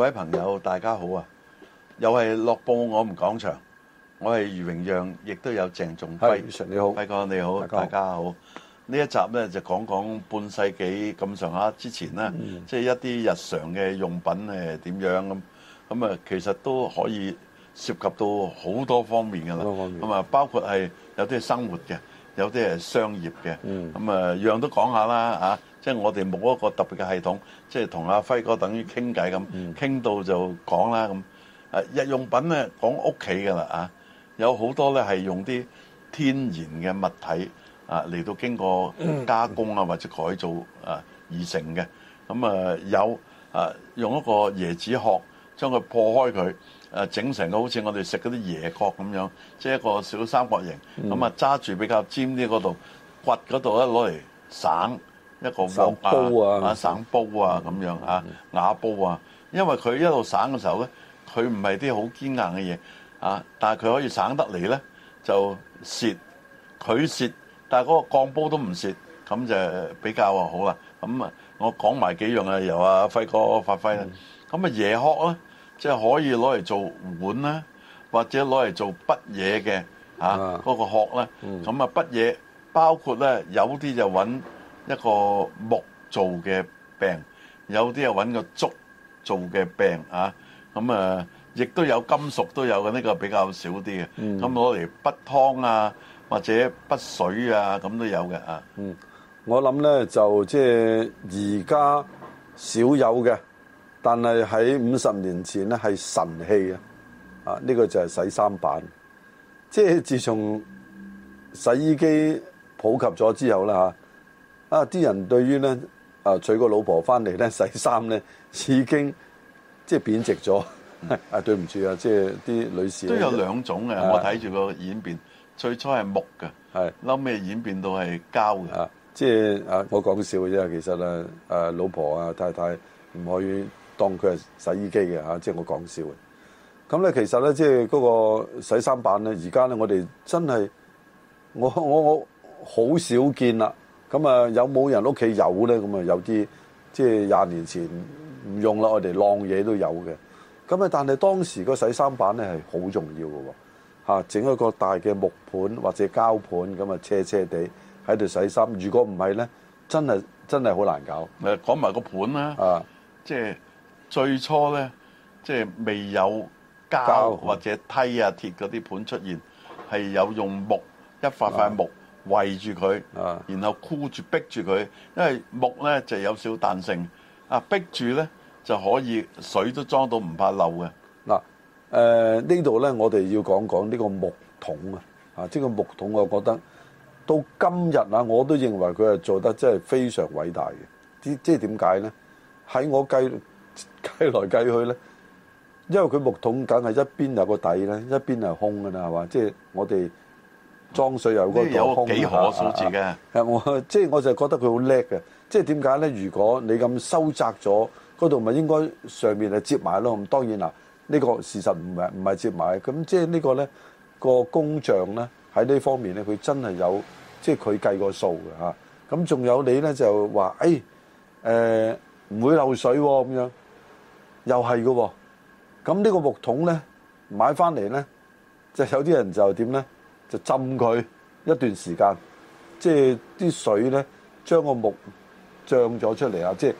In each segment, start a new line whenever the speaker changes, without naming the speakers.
各位朋友，大家好啊！又係樂報我哋講場，我係余榮讓，亦都有鄭仲輝。係、hey，你好，輝哥你好，大家好。呢一集咧就講講半世紀咁上下之前咧，即、嗯、係、就是、一啲日常嘅用品係點樣咁？咁啊，其實都可以涉及到好多方面噶啦。多方面咁啊，包括係有啲係生活嘅，有啲係商業嘅。嗯。咁啊，樣都講下啦，吓。.即係我哋冇一個特別嘅系統，即係同阿輝哥等於傾偈咁，傾到就講啦咁。誒，日用品咧，講屋企㗎啦啊，有好多咧係用啲天然嘅物體啊嚟到經過加工啊或者改造啊而成嘅。咁啊有啊用一個椰子殼，將佢破開佢，啊、整成個好似我哋食嗰啲椰殼咁樣，即係一個小三角形。咁啊揸住比較尖啲嗰度，刮嗰度咧攞嚟省。一個鑊煲啊，省、啊、煲啊咁樣啊，瓦煲啊，因為佢一路省嘅時候咧，佢唔係啲好堅硬嘅嘢啊，但係佢可以省得嚟咧，就蝕佢蝕，但係嗰個鋼煲都唔蝕，咁就比較話好啦。咁啊，我講埋幾樣啊，由阿、啊、輝哥發揮啦。咁、嗯、啊，椰殼啊，即、就、係、是、可以攞嚟做碗啦，或者攞嚟做筆嘢嘅啊，嗰個殼啦。咁啊，那個嗯、筆嘢包括咧，有啲就揾。一個木做嘅病，有啲係揾個竹做嘅病啊！咁啊，亦都有金屬都有嘅，呢個比較少啲嘅。咁攞嚟筆湯啊，或者筆水啊，咁都有嘅啊。
嗯，我諗咧就即係而家少有嘅，但係喺五十年前咧係神器啊！啊，呢個就係洗衫板，即係自從洗衣機普及咗之後啦吓。啊啊！啲人對於咧，啊娶個老婆翻嚟咧洗衫咧，已經即係、就是、貶值咗。 啊，對唔住啊，即係啲女士呢都有兩種嘅。我睇
住個演變，最初係木嘅，係嬲咩
演變到係膠嘅、就是。啊，即係啊，太太啊就是、我講笑嘅啫、啊。其實咧，誒老婆啊太太唔可以當佢係洗衣機嘅，嚇即係我講笑嘅。咁咧其實咧，即係嗰個洗衫板咧，而家咧我哋真係我我我好少見啦。咁啊，有冇人屋企有咧？咁啊，有啲即係廿年前唔用啦，我哋晾嘢都有嘅。咁啊，但係當時個洗衫板咧係好重要嘅喎，吓整一個大嘅木盤或者膠盤，咁、呃、啊，斜斜地喺度洗衫。如果唔係咧，真係真係好難搞。
誒，講埋個盤啦，啊，即、就、係、是、最初咧，即、就、係、是、未有膠，膠或者梯啊鐵嗰、啊、啲盤出現，係有用木一塊塊木。啊圍住佢，然後箍住逼住佢，因為木咧就有少彈性，啊逼住咧就可以水都裝到唔怕漏嘅。嗱，誒
呢度咧我哋要講講呢個木桶啊，啊、呃、即係個木桶，啊即係、木桶我覺得到今日啊，我都認為佢係做得真係非常偉大嘅。即係點解咧？喺我計計來計去咧，因為佢木桶梗係一邊有個底咧，一邊係空噶啦，係嘛？即、就、係、係、我哋。裝水又嗰個空啊！有個幾何數字嘅，係我即係我就覺得佢好叻嘅。即係點解咧？如果你咁收窄咗嗰度，咪應該上面係接埋咯。咁當然啦，呢個事實唔係唔係接埋嘅。咁即係呢個咧，個工匠咧喺呢方面咧，佢真係有即係佢計過數嘅嚇。咁仲有你咧就話誒誒唔會漏水喎咁樣，又係嘅。咁呢個木桶咧買翻嚟咧，就有啲人就點咧？就浸佢一段時間，即係啲水咧將個木漲咗出嚟啊！即係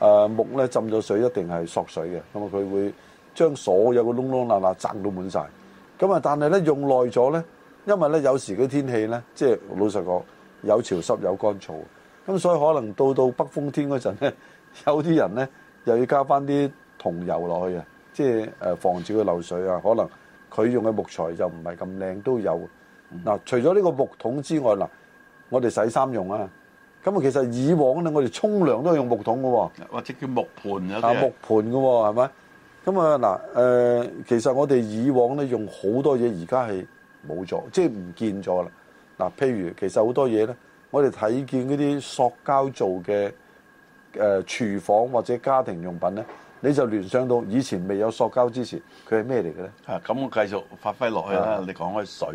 誒木咧浸咗水一定係縮水嘅，咁啊佢會將所有嘅窿窿罅罅撐到滿晒。咁啊，但係咧用耐咗咧，因為咧有時嘅天氣咧，即係老實講有潮濕有乾燥，咁所以可能到到北風天嗰陣咧，有啲人咧又要加翻啲桐油落去啊！即係誒防止佢漏水啊。可能佢用嘅木材就唔係咁靚，都有。嗱、嗯，除咗呢個木桶之外，嗱，我哋洗衫用啊，咁啊，其實以往咧，我哋沖涼都係用木桶噶，或者叫木盆啊，木盆噶係咪？咁啊，嗱，誒，其實我哋以往咧用好多嘢，而家係冇咗，即係唔見咗啦。嗱，譬如其實好多嘢咧，我哋睇見嗰啲塑膠做嘅誒廚房或者家庭用品咧，你就聯想到以前未有塑膠之前，佢係咩嚟嘅咧？
啊，咁我繼續發揮落去啦，你講開水。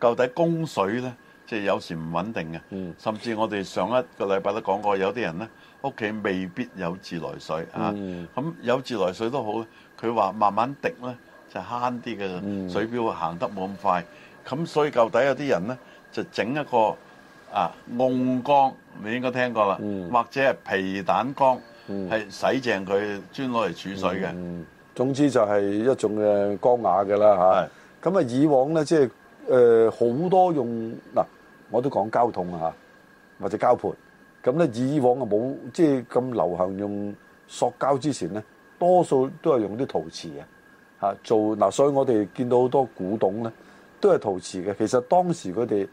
究竟供水咧，即係有時唔穩定嘅，甚至我哋上一個禮拜都講過，有啲人咧屋企未必有自來水啊。咁有自來水都好，佢話慢慢滴咧就慳啲，嘅水表行得冇咁快。咁所以舊底有啲人咧就整一個啊，甕缸你應該聽過啦，或者係皮蛋缸係洗淨佢專攞嚟儲水嘅。
總之就係一種嘅缸瓦嘅啦嚇。咁啊，以往咧，即係。誒，好多用嗱，我都講膠桶啊，或者膠盤，咁咧以往啊冇即係咁流行用塑膠之前咧，多數都係用啲陶瓷嘅，吓做嗱，所以我哋見到好多古董咧，都係陶瓷嘅。其實當時佢哋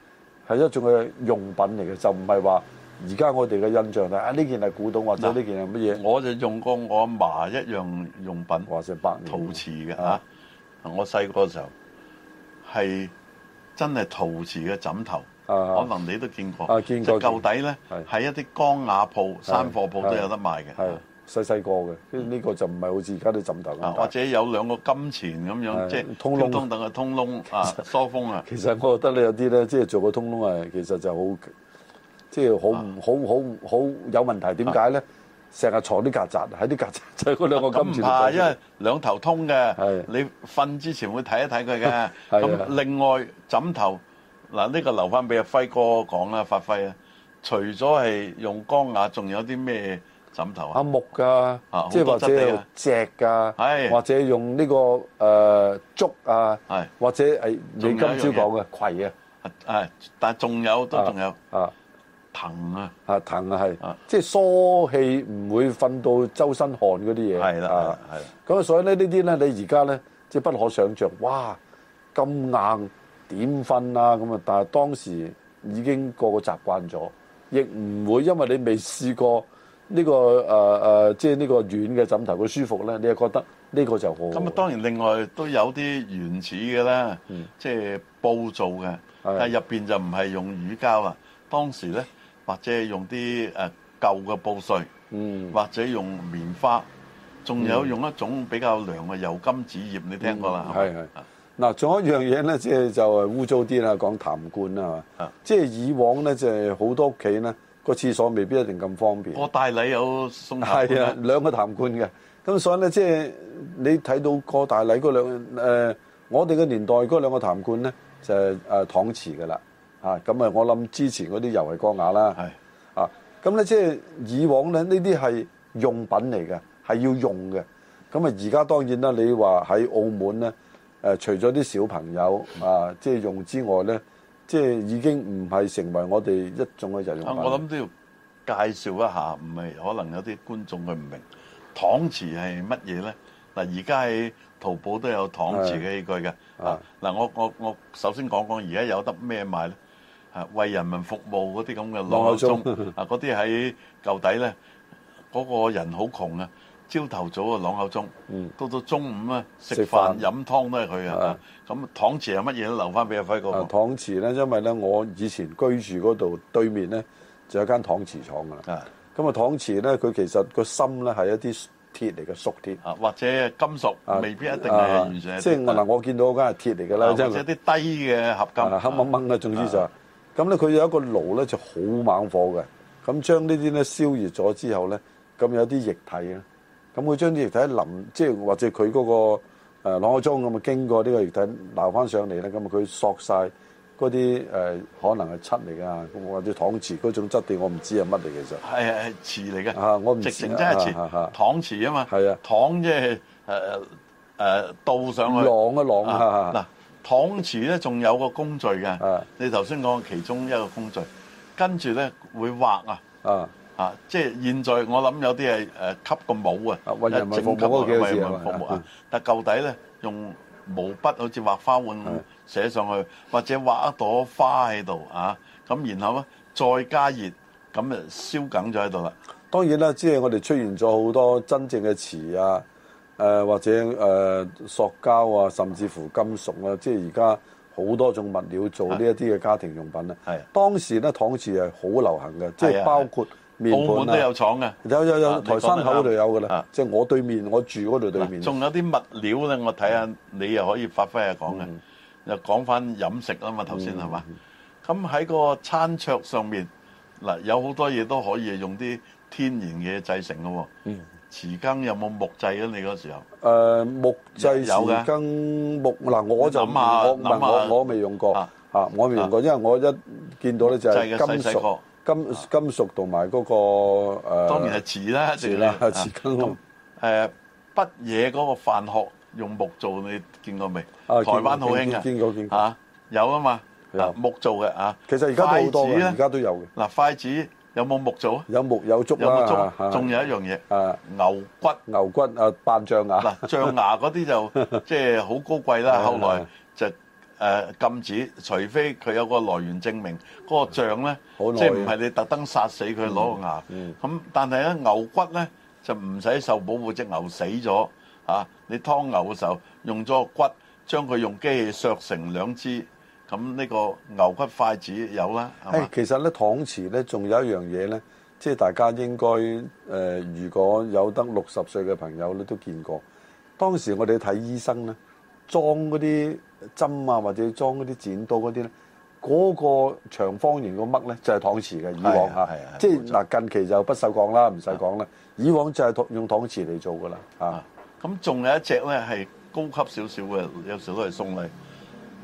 係一種嘅用品嚟嘅，就唔係話而家我哋嘅印象係啊呢件係古董或者呢件係乜嘢。
我就用過我阿嫲一樣用品，或者白陶瓷嘅吓、啊。我細個時候係。真係陶瓷嘅枕頭、啊，可能你都見過，就、啊、舊底咧，喺一啲缸瓦鋪、山貨鋪都有得賣嘅，細細個嘅，跟住呢個就唔係好似而家啲枕頭咁大、啊、或者有兩個金錢咁樣，啊、通即係通窿等嘅通窿啊，疏風啊。其實我覺得你有啲咧，即、就、係、是、做個通窿啊，其實就、
就是啊、好，即係好好好好有問題，點解咧？成日坐啲曱甴喺啲曱甴，就
係嗰兩個金錢咁唔怕，因為兩頭通嘅。係你瞓之前會睇一睇佢嘅。咁另外枕頭嗱，呢個留翻俾阿輝哥講啦，發揮啊！除咗係用鋼呀，仲有啲咩枕頭啊？阿
木㗎，即係或者石
㗎，或者用呢個誒
竹啊，或者你今朝講嘅葵啊，但係仲有都仲有啊。啊藤啊，啊藤啊係，即係疏氣唔會瞓到周身汗嗰啲嘢，係啦，係啦，咁啊所以咧呢啲咧你而家咧即係不可想像，哇咁硬點瞓啊？咁啊！但係當時已經個個習慣咗，亦唔會因為你未試過呢、這個誒誒、呃呃，即係呢個軟嘅枕頭嘅舒服咧，你又覺得呢個就好。咁、
嗯、啊、嗯，當然另外都有啲原始嘅啦，即、就、係、是、布做嘅、嗯，但係入邊就唔係用乳膠啊，當時咧。或者用啲誒、呃、舊嘅布碎，嗯，或者用棉花，仲有用一種比較涼嘅油甘子葉，嗯、你聽過啦？係、嗯、係。
嗱，仲有一樣嘢咧，即係就污糟啲啦，講痰罐啦，啊，即、就、係、是、以往咧，就係、是、好多屋企咧個廁所未必一定咁方便。過
大禮有送痰罐啊，
兩個痰罐嘅，咁所以咧，即、就、係、是、你睇到過大禮嗰兩個、呃、我哋嘅年代嗰兩個痰罐咧，就誒搪瓷㗎啦。呃啊，咁啊，我諗之前嗰啲又係光牙啦，啊，咁咧即係以往咧呢啲係用品嚟嘅，係要用嘅。咁啊，而家當然啦，你話喺澳門咧，除咗啲小朋友啊，即係用之外咧，即係已經唔係成為我哋一種嘅日用品。我諗
都要介紹一下，唔係可能有啲觀眾佢唔明搪瓷係乜嘢咧。嗱，而家喺淘寶都有搪瓷嘅器具嘅。啊，嗱，我我我首先講講而家有得咩賣咧？啊，為人民服務嗰啲咁嘅朗口鐘啊，嗰啲喺舊底咧，嗰個人好窮啊！朝頭早嘅，朗口鐘，嗯，到到中午咧，食飯飲湯都係佢啊。咁搪瓷係乜嘢都留翻俾阿輝哥。啊，
搪瓷咧，因為咧我以前居住嗰度對面咧就有間搪瓷廠噶啦。啊，咁啊搪瓷咧，佢其實個芯咧係一啲鐵嚟嘅，熟鐵
啊，或者金屬啊，未必一定係完全即係嗱，我見到嗰間係鐵嚟㗎啦，即係啲低嘅
合金啊，黑掹掹嘅總之就。咁咧佢有一個爐咧就好猛火嘅，咁將呢啲咧燒熱咗之後咧，咁有啲液體咧，咁佢將啲液體淋，即係或者佢嗰、嗰個誒啷個裝咁啊，呃、經過呢個液體撈翻上嚟呢。咁啊佢索晒嗰啲誒可能係漆嚟噶，或者搪瓷嗰種質地我，我唔知係乜嚟其實。係
係瓷嚟嘅。我唔直情真係瓷，搪瓷啊嘛。係啊，搪即係誒誒倒上去。啷一啷啊嗱。搪瓷咧，仲有個工序嘅，你頭先講其中一個工序跟住咧會畫啊，啊，即係現在我諗有啲係誒吸帽個帽啊，一隻吸毛嘅啊，但係舊底咧用毛筆好似畫花碗寫上去，或者畫一朵花喺度啊，咁然後咧再加熱，咁誒燒梗咗喺度啦。
當然啦，即係我哋出現咗好多真正嘅詞啊。誒、呃、或者誒、呃、塑膠啊，甚至乎金屬啊，即係而家好多種物料做呢一啲嘅家庭用品啊。啊，是啊，當時咧搪瓷係好流行嘅、啊，即係包括面盤、啊、澳門都有廠嘅，有有有台山口度有嘅啦，即、啊、係、就是、我對面，我住嗰度對面。仲、
啊、有啲物料咧，我睇下你又可以發揮下講嘅，又講翻飲食啊嘛，頭先係嘛？咁喺、嗯、個餐桌上面嗱、啊，有好多嘢都可以用啲天然嘢製成嘅喎、啊。嗯匙羹有冇木製嘅？你嗰時候，
誒木製有匙羹木嗱，我就我嗱我我未用過，嚇我未用過，因為我一見到咧就係金屬金金屬同埋嗰個誒，當然係瓷啦，瓷啦，匙羹。
誒筆嘢嗰個飯殼用木做，你見過未？台灣好興啊，見過見過嚇有啊嘛，啊木做嘅嚇，其實而家都好多嘅，而家都有嘅。嗱筷子。有冇木做啊？有木有竹啊？有冇竹啊？仲有一樣嘢，牛骨、牛骨啊，扮象牙嗱，象牙嗰啲就即係好高貴啦。後來就誒禁止，除非佢有個來源證明，嗰個象咧，即係唔係你特登殺死佢攞個牙咁。但係咧牛骨咧就唔使受保護，隻牛死咗啊！你劏牛嘅時候用咗個骨，將佢用機器削成兩支。咁呢個牛骨筷子有啦，
其實咧，搪瓷咧，仲有一樣嘢咧，即係大家應該誒、呃，如果有得六十歲嘅朋友咧，都見過。當時我哋睇醫生咧，裝嗰啲針啊，或者裝嗰啲剪刀嗰啲咧，嗰、那個長方形個乜咧，就係搪瓷嘅。以往、啊啊、即係嗱，近期就不鏽鋼啦，唔使講啦。以往就
係用搪瓷嚟做噶啦。咁仲、啊、有一隻咧，係高級少少嘅，有時都係送禮。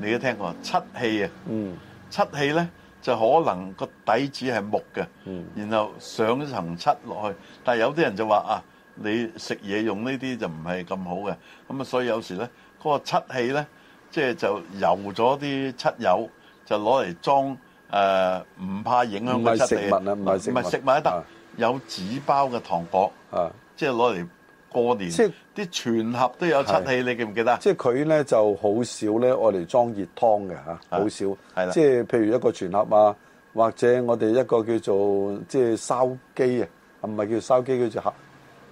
你都聽過漆器啊？嗯，漆器咧就可能個底子係木嘅，嗯，然後上層漆落去。但係有啲人就話啊，你食嘢用呢啲就唔係咁好嘅。咁啊，所以有時咧嗰個漆器咧，即係就油咗啲漆油，就攞嚟裝誒，唔怕影響個漆器。唔係食物啊，唔係食物啊。唔係食物都得，有紙包嘅糖果啊，即係攞嚟。過年即係啲全盒都有漆器，你記唔記得？
即係佢咧就好少咧我嚟裝熱湯嘅嚇，好少。係啦，即係譬如一個全盒啊，或者我哋一個叫做即係燒雞啊，唔係叫燒雞，叫做盒，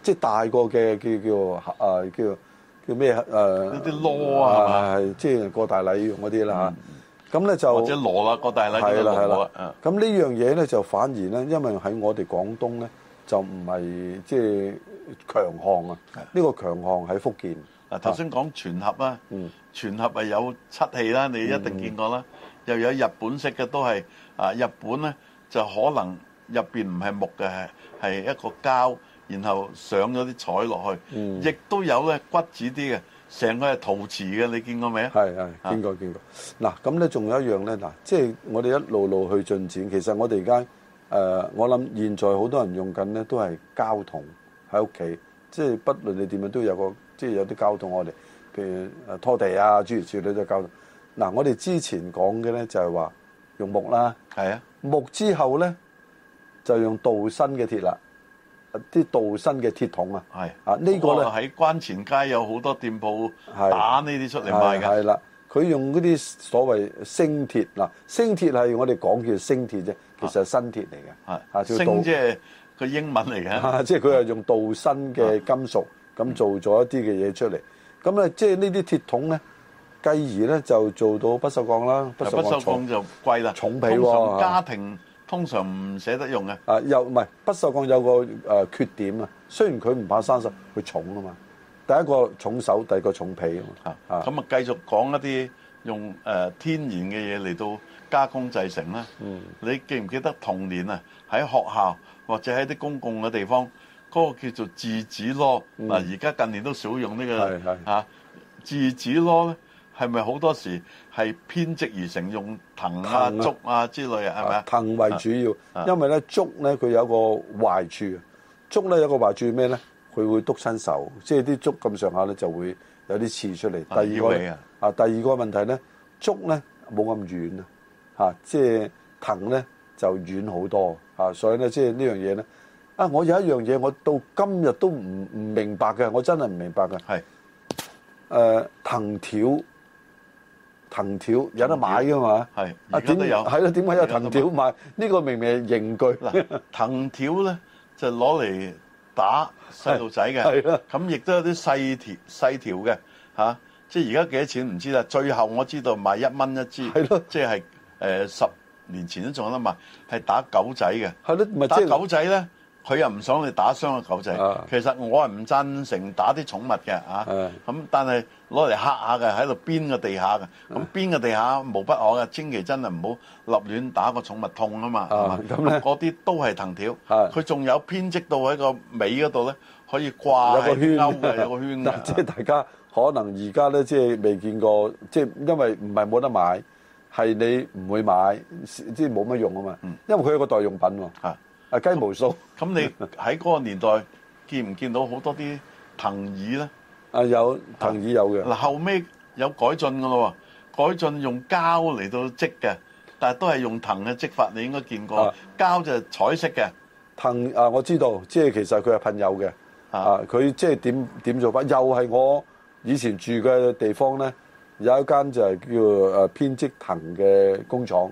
即係大個嘅叫、呃、叫啊叫叫咩啊？
啲籮啊，係
即係過大禮用嗰啲啦嚇。咁、嗯、咧就或
者籮啦，過大禮。係啦係啦。
咁、嗯、呢樣嘢咧就反而咧，因為喺我哋廣東咧就唔係即係。
強項啊！呢個強項喺福建嗱。頭先講全盒啦，全盒係有漆器啦，你一定見過啦。又有日本式嘅都係啊，日本咧就可能入邊唔係木嘅，係係一個膠，然後上咗啲彩落去，亦都有咧骨子啲嘅，成個係陶瓷嘅。你見過未啊？係係見過見過
嗱。咁咧仲有一樣咧嗱，即係我哋一路路去進展。其實我哋而家誒，我諗現在好多人用緊咧都係膠桶。喺屋企，即係不論你點樣，都有個即係有啲交通我。我哋譬如拖地啊，煮嘢煮嘢都係交通。嗱，我哋之前講嘅咧就係話用木啦，係啊木之後咧就用鍍鋅嘅鐵啦，啲鍍鋅嘅鐵桶啊，啊，係、
這、啊、個、呢個咧喺關前街有好多店鋪打呢啲出嚟賣㗎，係
啦，啊，佢、啊、用嗰啲所謂升鐵嗱，啊，升鐵係我哋講叫升鐵啫，其實新鐵嚟嘅，係啊條即係。
佢英文嚟嘅，即係佢係用
鍍鋅嘅金屬咁做咗一啲嘅嘢出嚟，咁咧即係呢啲鐵桶咧，繼而咧就做到不鏽鋼啦。不鏽鋼
就貴啦，重皮喎嚇。通常家庭
通常唔捨得用嘅。啊，有唔係不鏽鋼有個誒缺點啊，雖然佢唔怕生鏽，佢重啊嘛。第一個重手，第二個重皮啊嘛。嚇嚇。
咁啊，繼續講一啲用誒天然嘅嘢嚟到加工製成啦。嗯。你記唔記得童年啊喺學校？或者喺啲公共嘅地方，嗰、那個叫做字紙籮嗱，而、嗯、家近年都少用，這個啊、呢個嚇字紙籮咧，係咪好多時係編織而成？用藤啊、藤啊竹啊之類啊，係咪啊？藤為主要，因
為咧竹咧佢有一個壞處，竹咧有一個壞處咩咧？佢會篤親手，即係啲竹咁上下咧就會有啲刺出嚟。第二個啊，啊，第二個問題咧，竹咧冇咁軟啊，嚇即係藤咧就軟好多。啊，所以咧，即、就、係、是、呢樣嘢咧，啊，我有一樣嘢，我到今日都唔唔明白嘅，我真係唔明白嘅。係，誒、呃、藤條，藤條，藤條有得買噶嘛？係，而、啊、家都有。係咯，點解、啊、有藤條買？
呢、這個明明係刑具。啊、藤條咧就攞、是、嚟打細路仔嘅。咁亦都有啲細條細條嘅、啊，即係而家幾多錢唔知啦。最後我知道買一蚊一支。咯。即、就、係、是呃、十。年前都仲有得賣，係打狗仔嘅。係咯，唔係，打狗仔咧，佢又唔想你打傷個狗仔。其實我係唔贊成打啲寵物嘅嚇。咁但係攞嚟嚇下嘅，喺度鞭個地下嘅。咁鞭個地下無不可嘅，千祈真係唔好立亂打個寵物痛啊嘛。咁咧，嗰啲都係藤條。佢仲有編織到喺個尾嗰度咧，可以掛個圈嘅，有個圈。即
係大家可能而家咧，即係未見過，即係因為唔係冇得買。係你唔會買，即係冇乜用啊嘛。
因為佢係個代用品喎。啊，啊雞毛掃。咁你喺嗰個年代見唔見到好多啲藤椅咧？啊有藤椅有嘅。嗱後尾有改進㗎咯喎，改進用膠嚟到織嘅，但係都係用藤嘅織法，你應該見過。膠就係彩色嘅
藤啊，我知道，即係其實佢係噴油嘅啊。佢即係點點做法？又係我以前住嘅地方咧。有一間就係叫誒編織藤嘅工廠，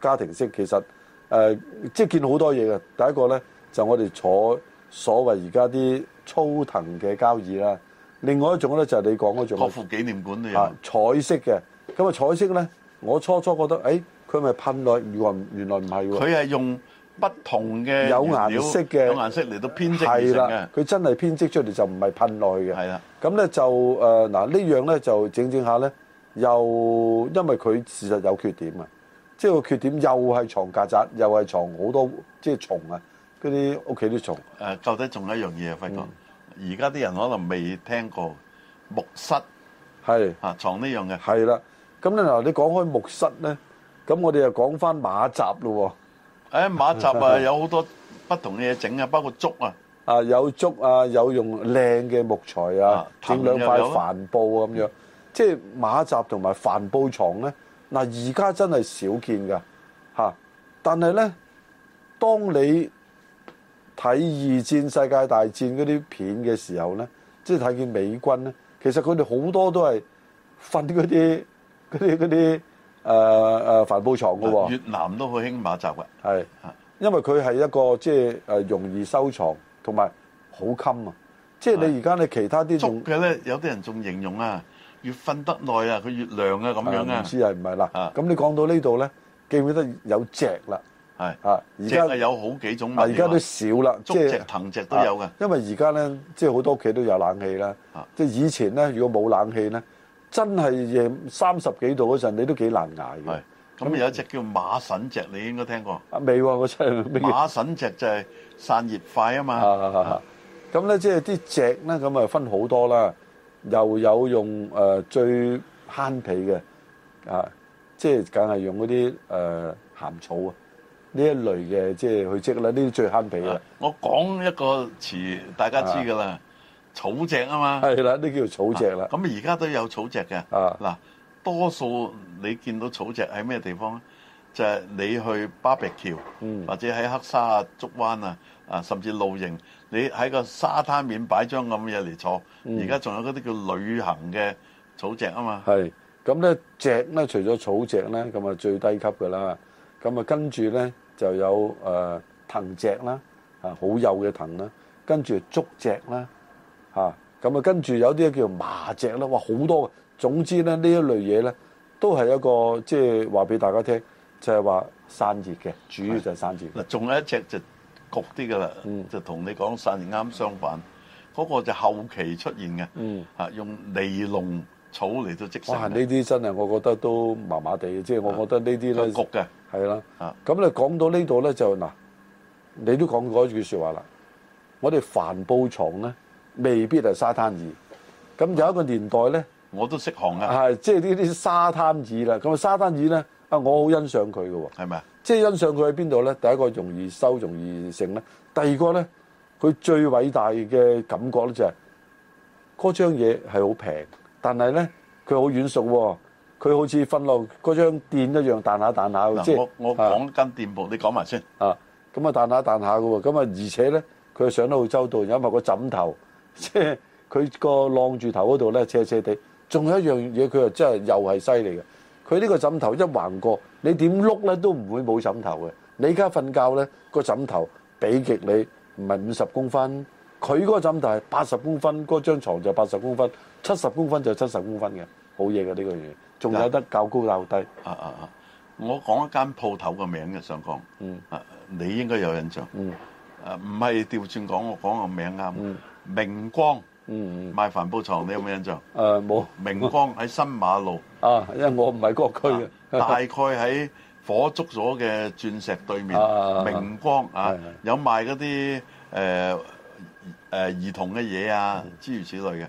家庭式其實誒、呃、即係見好多嘢嘅。第一個咧就我哋坐所謂而家啲粗藤嘅交椅啦。另外一種咧就係、是、你講嗰種。國父紀念館都有。啊，彩色嘅，咁啊彩色咧，我初初覺得誒，佢、哎、咪噴耐？原來原來唔係喎。佢係
用不同嘅有顏色嘅有顏色嚟到編織係啦，
佢真係編織出嚟就唔係噴耐嘅。係啦，咁咧就誒嗱、呃、呢樣咧就整整下咧。又因為佢事實有缺點啊，即係個缺點又係藏曱甴，又係藏好多即係蟲啊！嗰啲屋企啲蟲
誒，到底仲有一樣嘢啊，輝哥。而家啲人可能未聽過木蝨，係啊，藏呢樣嘅
係啦。咁咧嗱，你講開木蝨咧，咁我哋又講翻馬閘咯喎。
誒馬閘啊，有好多不同嘅嘢整啊，包括竹啊，啊有竹啊，有
用靚嘅木材啊，整兩塊帆布啊咁樣。即係馬扎同埋帆布床咧，嗱，而家真係少見噶吓！但係咧，當你睇二戰世界大戰嗰啲片嘅時候咧，即係睇見美軍咧，其實佢哋好多都係瞓嗰啲啲啲誒誒帆布床噶喎。越
南都好興馬扎噶
係，因為佢係一個即係誒容易收藏，同埋好襟啊！即係你而家你其他啲捉
嘅咧，有啲人仲形容啊。越瞓得耐啊，佢越涼啊，咁樣啊，唔、啊、知
係唔係啦？咁、啊、你講到呢度咧，記唔記得有席啦？
係啊，而家有好幾種、啊，但而家都少啦，即係藤席都有嘅、
啊。因為而家咧，即係好多屋企都有冷氣啦、啊。即係以前咧，如果冇冷氣咧，真係夜三十幾度嗰陣，你都幾難捱嘅。咁、啊、有
一隻叫馬神席，你應該聽過？啊，未喎，我真係馬神席就係散熱快啊嘛。
咁咧、啊，啊啊、即係啲席咧，咁啊分好多啦。又有用誒最慳皮嘅啊，即係梗係用嗰啲誒鹹草啊，呢一類嘅即係去積啦，呢啲最慳皮啦。
我講一個詞，大家知㗎啦、啊，草席啊嘛。係啦、啊，呢叫草席啦。咁而家都有草席嘅。啊，嗱，多數你見到草席喺咩地方咧？就係、是、你去 BBQ，或者喺黑沙啊、竹灣啊。啊，甚至露營，你喺個沙灘面擺張咁嘢嚟坐，而家仲有嗰啲叫旅行嘅草席啊嘛。係、嗯，
咁咧席咧除咗草席咧，咁啊最低級噶啦。咁啊跟住咧就有誒、呃、藤席啦，啊好幼嘅藤啦，跟住竹席啦，嚇咁啊跟住有啲叫麻席啦，哇好多嘅。總之咧呢這一類嘢咧都係一個即係話俾大家聽，就係話散熱嘅，主要就係
散熱的。嗱，仲有一隻就。焗啲㗎喇，就同你講剎啱相反，嗰、嗯嗰個就後期出現嘅，嚇、嗯、用尼龍草嚟到積成哇！呢啲
真係我覺得都麻麻地，即、啊、係我覺得呢啲咧焗嘅，係啦。咁你講到呢度咧就嗱，你都講過一句説話啦，我哋帆布廠咧未必係沙灘椅，咁有一個年代咧。我都識行啊！係即係呢啲沙灘椅啦。咁啊，沙灘椅咧，啊我好欣賞佢嘅喎。係咪啊？即係欣賞佢喺邊度咧？第一個容易收，容易剩咧。第二個咧，佢最偉大嘅感覺咧就係、是、嗰張嘢係好平，但係咧佢好軟熟喎。佢好似瞓落嗰張墊一樣彈一下彈下。嗱，我我講
間店鋪、啊，你講埋先
啊。咁啊，彈下彈下嘅喎。咁啊，而且咧，佢上得好周到。有埋個枕頭，即係佢個晾住頭嗰度咧，斜斜地。仲有一樣嘢，佢又真係又係犀利嘅。佢呢個枕頭一橫過，你點碌咧都唔會冇枕頭嘅。你而家瞓覺咧，個枕頭俾極你，唔係五十公分，佢嗰個枕頭係八十公分，嗰張牀就八十公分，七十公分就七十公分嘅，好嘢嘅呢個嘢。
仲有得較高較低。啊啊啊！我講一間鋪頭個名嘅想講，啊、嗯，你應該有印象。嗯、啊，唔係調轉講我講個名啊、嗯，明光。嗯，嗯，賣帆布床，你有冇印象？誒、啊、冇、啊，明光喺新馬路啊，因為我唔係嗰區嘅、啊。大概喺火燭咗嘅鑽石對面，啊、明光啊，的啊，有賣嗰啲誒誒兒童嘅嘢啊，諸如此類嘅。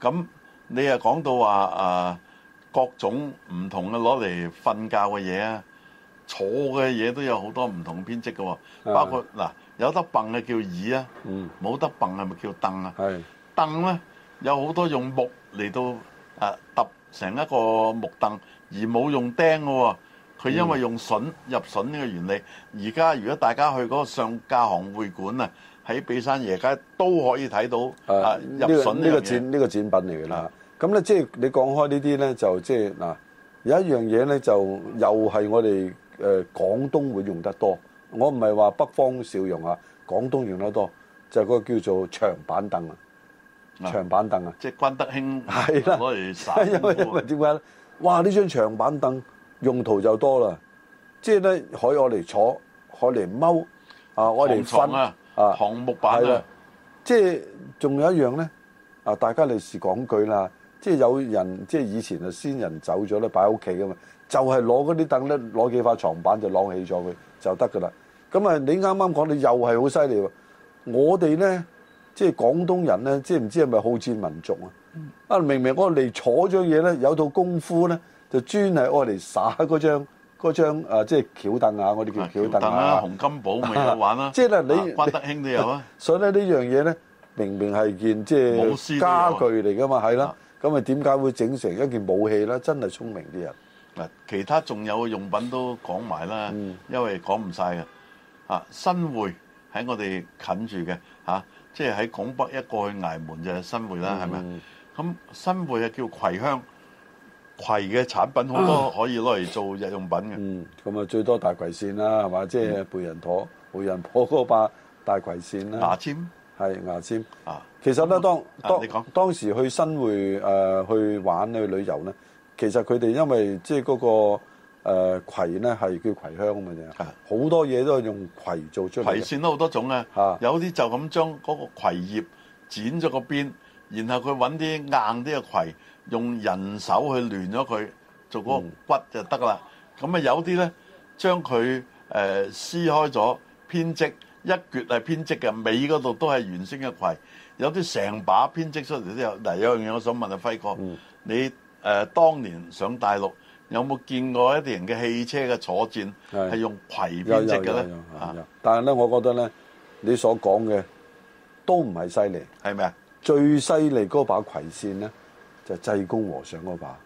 咁你又講到話誒、呃、各種唔同嘅攞嚟瞓覺嘅嘢啊，坐嘅嘢都有好多唔同的編織嘅喎、啊，包括嗱、啊、有得揼嘅叫椅啊，冇、嗯、得揼係咪叫凳啊？凳咧有好多用木嚟到啊揼成一個木凳，而冇用釘嘅喎。佢因為用榫入榫呢個原理。而、嗯、家如果大家去嗰個上架行會館啊，喺比山爺街都可以睇到入榫啊入榫、這個這個這個嗯、呢個展
呢個展品嚟嘅啦。咁咧即係你講開呢啲咧，就即係嗱有一樣嘢咧，就又係我哋誒、呃、廣東會用得多。我唔係話北方少用啊，廣東用得多就係、個叫做長板凳啊。長板凳啊，
即係關德興係啦，可以
耍。因為因為點解咧？哇！呢張長板凳用途就多啦，即係咧，可以我嚟坐，可以嚟踎，啊，我嚟瞓啊，啊，紅木板啊，是即係仲有一樣咧，啊，大家歷史講句啦，即係有人即係以前啊，先人走咗咧，擺喺屋企噶嘛，就係攞嗰啲凳咧，攞幾塊床板就晾起咗佢就得噶啦。咁啊，你啱啱講你又係好犀利喎！我哋咧。即係廣東人咧，即係唔知係咪好戰民族啊？啊，明明我嚟坐張嘢咧，有套功夫咧，就專係愛嚟耍嗰張嗰張、啊、即係橋凳啊！我哋叫橋凳啊！洪、啊啊、金寶咪玩啦、啊！即係你、啊、關德興都有啊！所以咧呢樣嘢咧，明明係件
即係、就是、家
具嚟噶嘛，係啦、啊。咁啊點解、啊、會整成一件武器咧？真係聰
明啲人。其他仲有用品都講埋啦、嗯，因為講唔晒嘅啊！新會喺我哋近住嘅嚇。啊即係喺拱北一個去崖門嘅新會啦，係、嗯、咪？咁新會啊叫葵香葵嘅產品好多可以攞嚟做日用品嘅。嗯，咁啊最多大葵扇啦，係嘛？即係貝人
陀、貝人陀嗰把大葵扇啦。牙籤係牙籤啊！其實咧，當當、啊、你講當時去新會誒去玩去旅遊咧，其實佢哋因為即係、那、嗰個。誒、呃、葵咧係叫葵香嘅啫，好多嘢都係用
葵做出嚟。葵線都好多種啊，有啲就咁將嗰個葵葉剪咗個邊，然後佢揾啲硬啲嘅葵，用人手去攣咗佢做嗰個骨就得啦。咁、嗯、啊有啲咧將佢誒、呃、撕開咗編織，一撅係編織嘅尾嗰度都係原生嘅葵。有啲成把編織出嚟都有。嗱，有樣嘢我想問阿輝哥，嗯、你誒、呃、當年上大陸？有冇見過一啲人嘅汽車嘅坐墊係用葵編織嘅咧？
但係咧，我覺得咧，你所講嘅都唔係犀利，係咪啊？最犀利嗰把葵扇咧，就係、濟公和尚嗰把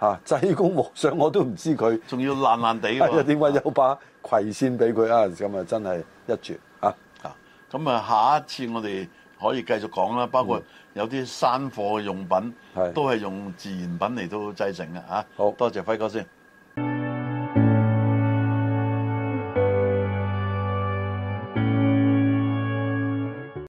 吓、啊。濟公和尚我都唔知佢仲要爛爛地嘅，點、啊、解有把葵扇俾佢啊？咁
啊，真係一絕啊！啊，咁啊，下一次我哋。可以繼續講啦，包括有啲山貨用品，嗯，都係用自然品嚟到製成嘅嚇。好多謝輝哥先。